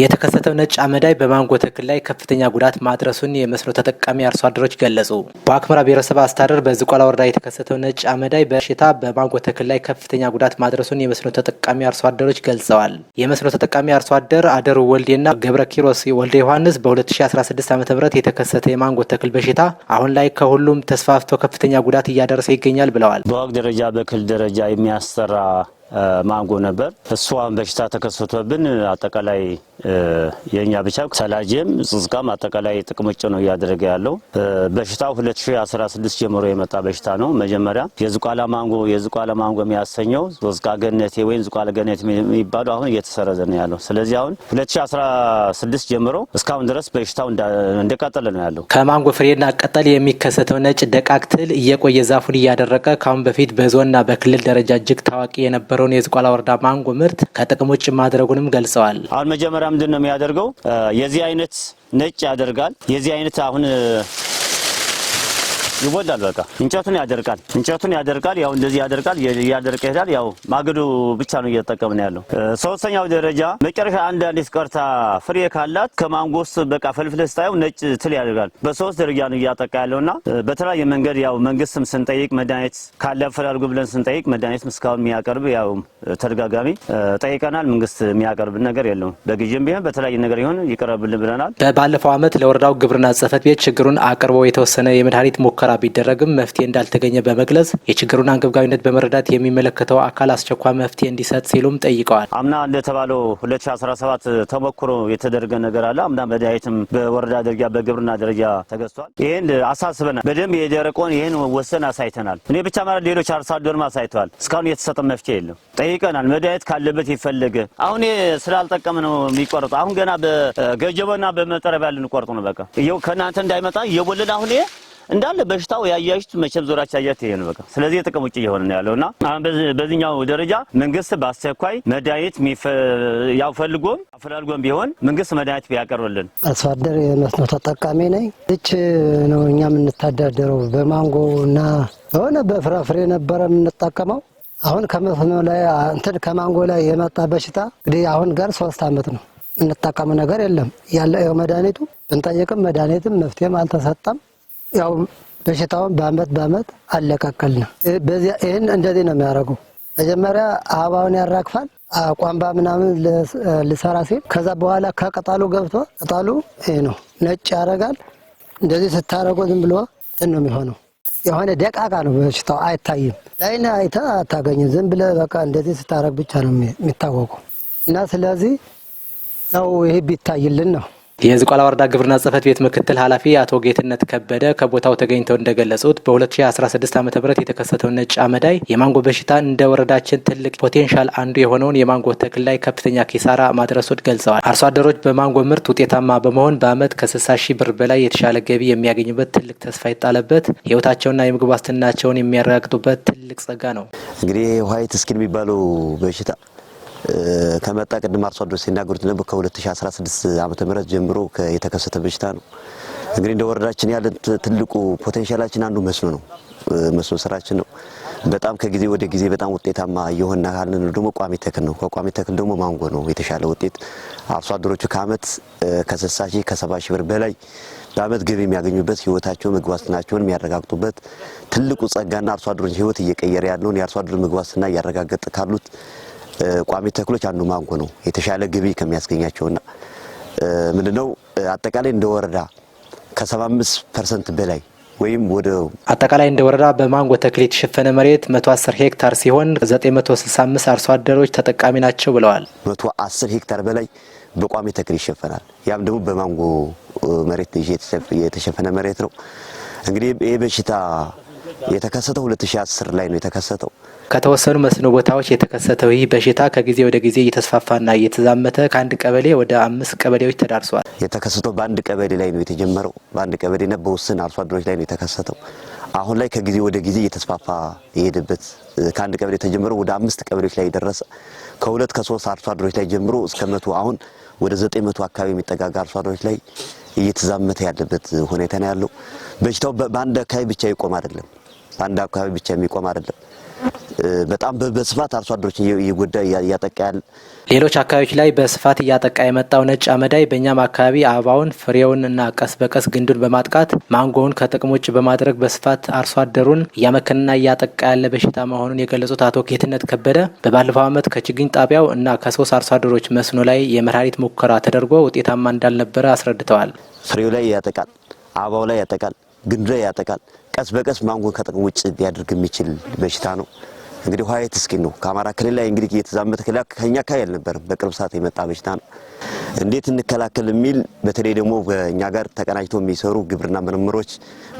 የተከሰተው ነጭ አመዳይ በማንጎ ተክል ላይ ከፍተኛ ጉዳት ማድረሱን የመስኖ ተጠቃሚ አርሶ አደሮች ገለጹ። በአክመራ ብሔረሰብ አስተዳደር በዝቋላ ወረዳ የተከሰተው ነጭ አመዳይ በሽታ በማንጎ ተክል ላይ ከፍተኛ ጉዳት ማድረሱን የመስኖ ተጠቃሚ አርሶ አደሮች ገልጸዋል። የመስኖ ተጠቃሚ አርሶ አደር አደሩ ወልዴና ገብረ ኪሮስ ወልደ ዮሐንስ በ2016 ዓ ም የተከሰተ የማንጎ ተክል በሽታ አሁን ላይ ከሁሉም ተስፋፍቶ ከፍተኛ ጉዳት እያደረሰ ይገኛል ብለዋል። በወቅ ደረጃ በክል ደረጃ የሚያሰራ ማንጎ ነበር። እሷን በሽታ ተከሰቶብን አጠቃላይ የኛ ብቻ ሰላጄም ጽጽቃም አጠቃላይ ጥቅምጭ ነው እያደረገ ያለው በሽታው 2016 ጀምሮ የመጣ በሽታ ነው። መጀመሪያ የዝቋላ ማንጎ የዝቋላ ማንጎ የሚያሰኘው ዞዝቃ ገነቴ ወይም ዝቋላ ገነቴ የሚባለው አሁን እየተሰረዘ ነው ያለው። ስለዚህ አሁን 2016 ጀምሮ እስካሁን ድረስ በሽታው እንደቀጠለ ነው ያለው። ከማንጎ ፍሬና ቅጠል የሚከሰተው ነጭ ደቃቅ ትል እየቆየ ዛፉን እያደረቀ ከአሁን በፊት በዞንና በክልል ደረጃ እጅግ ታዋቂ የነበረ የነበረውን የዝቋላ ወረዳ ማንጎ ምርት ከጥቅም ውጭ ማድረጉንም ገልጸዋል። አሁን መጀመሪያ ምንድን ነው የሚያደርገው? የዚህ አይነት ነጭ ያደርጋል። የዚህ አይነት አሁን ይወዳል። በቃ እንጨቱን ያደርቃል፣ እንጨቱን ያደርቃል። ያው እንደዚህ ያደርቃል፣ እያደረቀ ይሄዳል። ያው ማገዶ ብቻ ነው እየተጠቀምን ያለው። ሶስተኛው ደረጃ መጨረሻ አንድ አንዲት ቀርታ ፍሬ ካላት ከማንጎስ በቃ ፈልፍለ ስታየው ነጭ ትል ያደርጋል። በሶስት ደረጃ ነው እያጠቃ ያለውና በተለያየ መንገድ ያው መንግስትም ስንጠይቅ መድኃኒት ካለ ፈላልጉ ብለን ስንጠይቅ መድኃኒትም እስካሁን የሚያቀርብ ያው ተደጋጋሚ ጠይቀናል። መንግስት የሚያቀርብ ነገር የለውም። በግዥም ቢሆን በተለያየ ነገር ይሆን ይቀረብልን ብለናል። ባለፈው ዓመት ለወረዳው ግብርና ጽህፈት ቤት ችግሩን አቅርቦ የተወሰነ የመድኃኒት ሙከራ ሙከራ ቢደረግም መፍትሄ እንዳልተገኘ በመግለጽ የችግሩን አንገብጋቢነት በመረዳት የሚመለከተው አካል አስቸኳይ መፍትሄ እንዲሰጥ ሲሉም ጠይቀዋል። አምና እንደተባለው 2017 ተሞክሮ የተደረገ ነገር አለ። አምና መድኃኒትም በወረዳ ደረጃ በግብርና ደረጃ ተገዝቷል። ይህን አሳስበናል። በደንብ የደረቀውን ይህን ወሰን አሳይተናል። እኔ ብቻ ማለት ሌሎች አርሶ አደርም አሳይተዋል። እስካሁን የተሰጠ መፍትሄ የለም። ጠይቀናል። መድኃኒት ካለበት ይፈለገ አሁን ስላልጠቀም ነው የሚቆርጡ አሁን ገና በገጀበና በመጠረቢያ ልንቆርጡ ነው። በቃ ከእናንተ እንዳይመጣ እየቦልን አሁን እንዳለ በሽታው ያያችሁት መቼም ዞራችሁ ያያችሁት ይሄ ነው በቃ። ስለዚህ የጥቅም ውጭ እየሆነ ነው ያለውና አሁን በዚህኛው ደረጃ መንግስት በአስቸኳይ መድኃኒት ያው ፈልጎም አፈላልጎም ቢሆን መንግስት መድኃኒት ቢያቀርብልን። አርሶ አደር የመስኖ ተጠቃሚ ነኝ። ልጅ ነው እኛ የምንተዳደረው በማንጎ እና የሆነ በፍራፍሬ ነበረ የምንጠቀመው። አሁን ከመስኖ ላይ እንትን ከማንጎ ላይ የመጣ በሽታ እንግዲህ አሁን ጋር ሶስት አመት ነው የምንጠቀመው ነገር የለም ያለው መድኃኒቱ ብንጠይቅም መድኃኒትም መፍትሄም አልተሰጠም። ያው በሽታውን በአመት በአመት አለቀቀልንም። በዚያ ይህን እንደዚህ ነው የሚያደርገው መጀመሪያ አበባውን ያራግፋል ቋንባ ምናምን ልሰራ ሲል ከዛ በኋላ ከቅጠሉ ገብቶ ቅጠሉ ይህ ነው ነጭ ያደርጋል። እንደዚህ ስታደርጉ ዝም ብሎ እንትን ነው የሚሆነው። የሆነ ደቃቃ ነው በሽታው አይታይም። ላይና አይተ አታገኝም። ዝም ብለ በቃ እንደዚህ ስታደርግ ብቻ ነው የሚታወቁ እና ስለዚህ ያው ይህ ቢታይልን ነው የዝቋላ ወረዳ ግብርና ጽፈት ቤት ምክትል ኃላፊ አቶ ጌትነት ከበደ ከቦታው ተገኝተው እንደገለጹት በ2016 ዓ ም የተከሰተው ነጭ አመዳይ የማንጎ በሽታ እንደ ወረዳችን ትልቅ ፖቴንሻል አንዱ የሆነውን የማንጎ ተክል ላይ ከፍተኛ ኪሳራ ማድረሱን ገልጸዋል። አርሶ አደሮች በማንጎ ምርት ውጤታማ በመሆን በአመት ከ60 ሺህ ብር በላይ የተሻለ ገቢ የሚያገኙበት ትልቅ ተስፋ ይጣለበት፣ ህይወታቸውና የምግብ ዋስትናቸውን የሚያረጋግጡበት ትልቅ ጸጋ ነው። እንግዲህ ዋይት ስኪን የሚባለው በሽታ ከመጣ ቅድም አርሶ አደሮች ሲናገሩት ነበር ከ2016 ዓመተ ምህረት ጀምሮ የተከሰተ በሽታ ነው። እንግዲህ እንደ ወረዳችን ያለ ትልቁ ፖቴንሻላችን አንዱ መስኖ ነው። መስኖ ስራችን ነው። በጣም ከጊዜ ወደ ጊዜ በጣም ውጤታማ እየሆነ ነው። ደግሞ ቋሚ ተክል ነው። ከቋሚ ተክል ደግሞ ማንጎ ነው የተሻለ ውጤት። አርሶ አደሮቹ ከአመት ከ60 ሺህ ከ70 ሺህ ብር በላይ በአመት ገቢ የሚያገኙበት ህይወታቸው ምግብ ዋስትናቸውን የሚያረጋግጡበት ትልቁ ጸጋና አርሶ አደሮች ህይወት እየቀየረ ያለውን የአርሶ አደር ምግብ ዋስትና እያረጋገጠ ካሉት ቋሚ ተክሎች አንዱ ማንጎ ነው። የተሻለ ግቢ ከሚያስገኛቸውና ምንድነው አጠቃላይ እንደ ወረዳ ከ75 ፐርሰንት በላይ ወይም ወደ አጠቃላይ እንደ ወረዳ በማንጎ ተክል የተሸፈነ መሬት 110 ሄክታር ሲሆን 965 አርሶ አደሮች ተጠቃሚ ናቸው ብለዋል። 110 ሄክታር በላይ በቋሚ ተክል ይሸፈናል። ያም ደግሞ በማንጎ መሬት የተሸፈነ መሬት ነው። እንግዲህ ይህ በሽታ የተከሰተው 2010 ላይ ነው የተከሰተው። ከተወሰኑ መስኖ ቦታዎች የተከሰተው ይህ በሽታ ከጊዜ ወደ ጊዜ እየተስፋፋና እየተዛመተ ከአንድ ቀበሌ ወደ አምስት ቀበሌዎች ተዳርሷል። የተከሰተው በአንድ ቀበሌ ላይ ነው የተጀመረው። በአንድ ቀበሌና በውስን አርሶ አደሮች ላይ ነው የተከሰተው። አሁን ላይ ከጊዜ ወደ ጊዜ እየተስፋፋ የሄደበት ከአንድ ቀበሌ ተጀምሮ ወደ አምስት ቀበሌዎች ላይ የደረሰ ከሁለት ከሶስት አርሶ አደሮች ላይ ጀምሮ እስከ መቶ አሁን ወደ ዘጠኝ መቶ አካባቢ የሚጠጋጋ አርሶ አደሮች ላይ እየተዛመተ ያለበት ሁኔታ ነው ያለው። በሽታው በአንድ አካባቢ ብቻ ይቆም አይደለም። በአንድ አካባቢ ብቻ የሚቆም አይደለም። በጣም በስፋት አርሶ አደሮች እየጎዳ እያጠቃ ያለ ሌሎች አካባቢዎች ላይ በስፋት እያጠቃ የመጣው ነጭ አመዳይ በእኛም አካባቢ አበባውን ፍሬውን እና ቀስ በቀስ ግንዱን በማጥቃት ማንጎውን ከጥቅም ውጭ በማድረግ በስፋት አርሶ አደሩን እያመከንና እያጠቃ ያለ በሽታ መሆኑን የገለጹት አቶ ጌትነት ከበደ በባለፈው ዓመት ከችግኝ ጣቢያው እና ከሶስት አርሶ አደሮች መስኖ ላይ የመድኃኒት ሙከራ ተደርጎ ውጤታማ እንዳልነበረ አስረድተዋል። ፍሬው ላይ ያጠቃል፣ አበባው ላይ ያጠቃል ግንደ ያጠቃል። ቀስ በቀስ ማንጎን ከጥቅም ውጭ ሊያደርግ የሚችል በሽታ ነው። እንግዲህ ዋይት ስኪን ነው። ከአማራ ክልል ላይ እንግዲህ እየተዛመተ ክልል ከኛ አካባቢ አልነበረም። በቅርብ ሰዓት የመጣ በሽታ ነው። እንዴት እንከላከል የሚል በተለይ ደግሞ በእኛ ጋር ተቀናጅቶ የሚሰሩ ግብርና ምርምሮች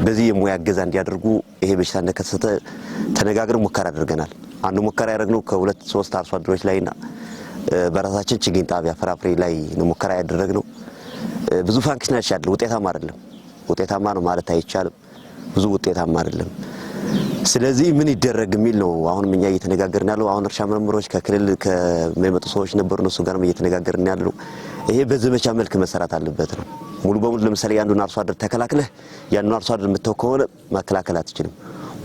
በዚህ የሙያ እገዛ እንዲያደርጉ ይሄ በሽታ እንደከሰተ ተነጋግረን ሙከራ አድርገናል። አንዱ ሙከራ ያደረግነው ከሁለት ሶስት አርሶ አደሮች ላይና በራሳችን ችግኝ ጣቢያ ፍራፍሬ ላይ ሙከራ ያደረግነው ብዙ ፋንክሽናል ውጤታም አይደለም። ውጤታማ ነው ማለት አይቻልም። ብዙ ውጤታማ አይደለም። ስለዚህ ምን ይደረግ የሚል ነው አሁንም እኛ እየተነጋገርን ያለው። አሁን እርሻ ምርምሮች ከክልል ከሚመጡ ሰዎች ነበሩ፣ እነሱ ጋርም እየተነጋገርን ያለው ይሄ በዘመቻ መልክ መሰራት አለበት ነው። ሙሉ በሙሉ ለምሳሌ ያንዱን አርሶ አደር ተከላክለህ ያንዱን አርሶ አደር የምተው ከሆነ መከላከል አትችልም።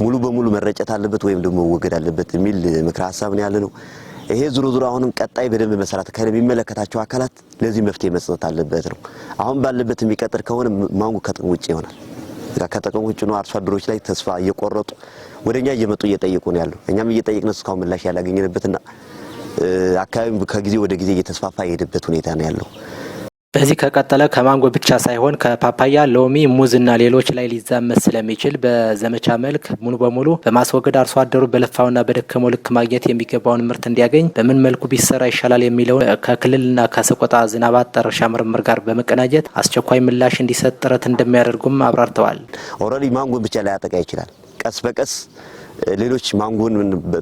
ሙሉ በሙሉ መረጨት አለበት ወይም ደግሞ መወገድ አለበት የሚል ምክረ ሀሳብ ነው ያለ ነው። ይሄ ዙሮ ዙሮ አሁንም ቀጣይ በደንብ መሰራት ከሚመለከታቸው አካላት ለዚህ መፍትሄ መስጠት አለበት ነው። አሁን ባለበት የሚቀጥል ከሆነ ማንጎ ከጥቅም ውጭ ይሆናል። ከጥቅም ውጭ ነው። አርሶ አደሮች ላይ ተስፋ እየቆረጡ ወደኛ እየመጡ እየጠየቁ ነው ያሉ። እኛም እየጠየቅን እስካሁን ምላሽ ያላገኘንበትና አካባቢ ከጊዜ ወደ ጊዜ እየተስፋፋ የሄደበት ሁኔታ ነው ያለው። በዚህ ከቀጠለ ከማንጎ ብቻ ሳይሆን ከፓፓያ፣ ሎሚ፣ ሙዝ እና ሌሎች ላይ ሊዛመት ስለሚችል በዘመቻ መልክ ሙሉ በሙሉ በማስወገድ አርሶ አደሩ በለፋውና በደከመው ልክ ማግኘት የሚገባውን ምርት እንዲያገኝ በምን መልኩ ቢሰራ ይሻላል የሚለውን ከክልልና ከሰቆጣ ዝናብ አጠር እርሻ ምርምር ጋር በመቀናጀት አስቸኳይ ምላሽ እንዲሰጥ ጥረት እንደሚያደርጉም አብራርተዋል። ኦልሬዲ ማንጎ ብቻ ላይ ያጠቃ ይችላል። ቀስ በቀስ ሌሎች ማንጎን፣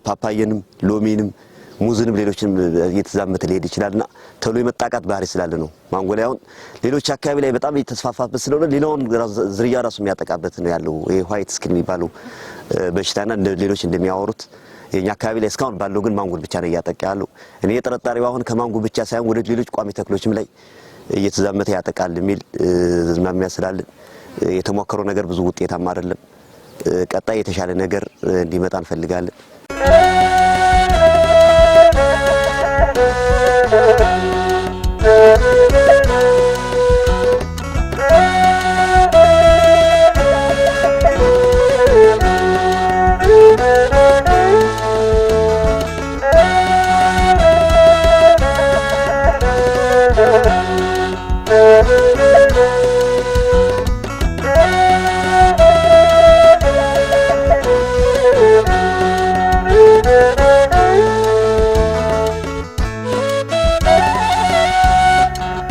ፓፓየንም ሎሚንም ሙዝንም ሌሎችንም እየተዛመተ ሊሄድ ይችላልና ተሎ የመጣቃት ባህሪ ስላለ ነው። ማንጎ ላይ አሁን ሌሎች አካባቢ ላይ በጣም የተስፋፋበት ስለሆነ ሌላውን ዝርያ ራሱ የሚያጠቃበት ነው ያለው ይሄ ዋይት ስኪን የሚባለው በሽታና ሌሎች እንደሚያወሩት የኛ አካባቢ ላይ እስካሁን ባለው ግን ማንጎን ብቻ ነው እያጠቃ ያለው። እኔ የጠረጣሪው አሁን ከማንጎ ብቻ ሳይሆን ወደ ሌሎች ቋሚ ተክሎችም ላይ እየተዛመተ ያጠቃል የሚል ዝማሚያ ስላለ የተሞከረው ነገር ብዙ ውጤታማ አይደለም። ቀጣይ የተሻለ ነገር እንዲመጣ እንፈልጋለን። Thank you.